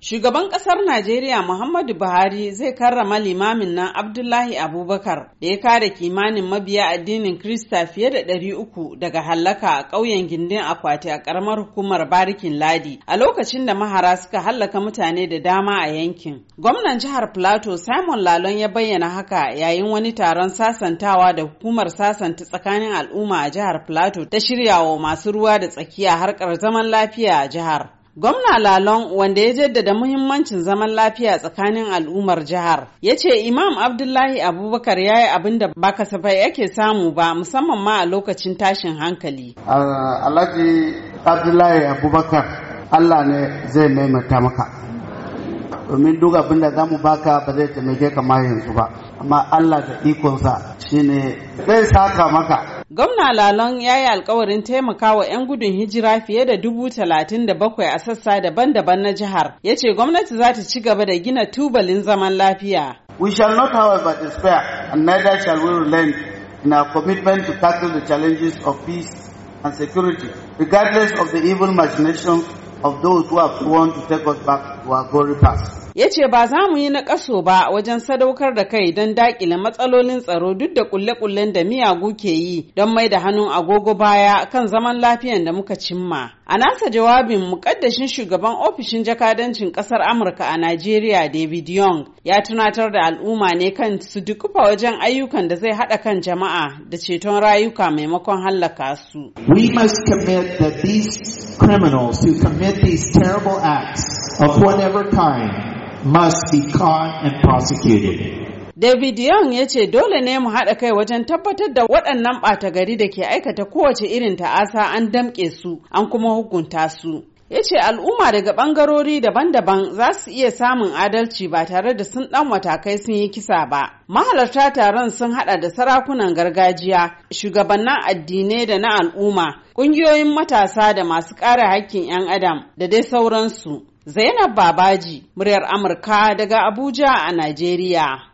Shugaban ƙasar Najeriya Muhammadu Buhari zai karrama limamin nan Abdullahi Abubakar da ya kare kimanin mabiya addinin Krista fiye da ɗari uku daga hallaka a ƙauyen gindin akwati a ƙaramar hukumar Barikin Ladi a lokacin da mahara suka hallaka mutane da dama a yankin. Gwamnan jihar Plateau Simon Lalon ya bayyana haka yayin wani taron sasantawa da hukumar sasanta tsakanin al'umma a jihar Plateau ta shirya wa masu ruwa da tsakiya harkar zaman lafiya a jihar. Gwamna Lalon wanda ya jaddada muhimmancin zaman lafiya tsakanin al'ummar jihar ya ce Imam Abdullahi Abubakar ya yi abin da ba kasafai yake samu ba musamman ma a lokacin tashin hankali. Alhaji Abdullahi Abubakar Allah ne zai maimaita maka. Domin duk abin da zamu mu baka ba zai taimake kamar yanzu ba, amma Allah da ikonsa shine zai saka maka. Gwamna Lalon ya yi alkawarin wa 'yan gudun hijira fiye da dubu talatin da bakwai a sassa daban-daban na jihar. Ya ce gwamnati za ta ci gaba da gina tubalin zaman lafiya. We shall not however despair and neither shall we relent in our commitment to tackle the challenges of peace and security, regardless of the evil machinations of those who have sworn to take us back to our glory past. ya ce ba za mu yi na kaso ba wajen sadaukar da kai don dakile matsalolin tsaro duk da kulle-kullen da miyagu ke yi don mai da hannun agogo baya kan zaman lafiyan da muka cimma. A nasa jawabin mukaddashin shugaban ofishin jakadancin Ƙasar Amurka a Najeriya David Young ya tunatar da al'umma ne kan su dukufa wajen ayyukan da zai haɗa kan jama'a da ceton rayuka maimakon hallaka su. We must commit that these criminals who commit these terrible acts of whatever kind must be caught and prosecuted. David Young ya ce dole ne mu haɗa kai wajen tabbatar da waɗannan ɓata gari da ke aikata kowace irin ta'asa an damƙe su an kuma hukunta su. Ya ce al'umma daga ɓangarori daban-daban za su iya samun adalci ba tare da sun ɗan matakai sun yi kisa ba. Mahalarta taron sun haɗa da sarakunan gargajiya, shugabannin addinai da na al'umma, ƙungiyoyin matasa da masu ƙara hakkin 'yan adam da dai sauransu. Zainab Babaji, muryar Amurka daga Abuja a Najeriya.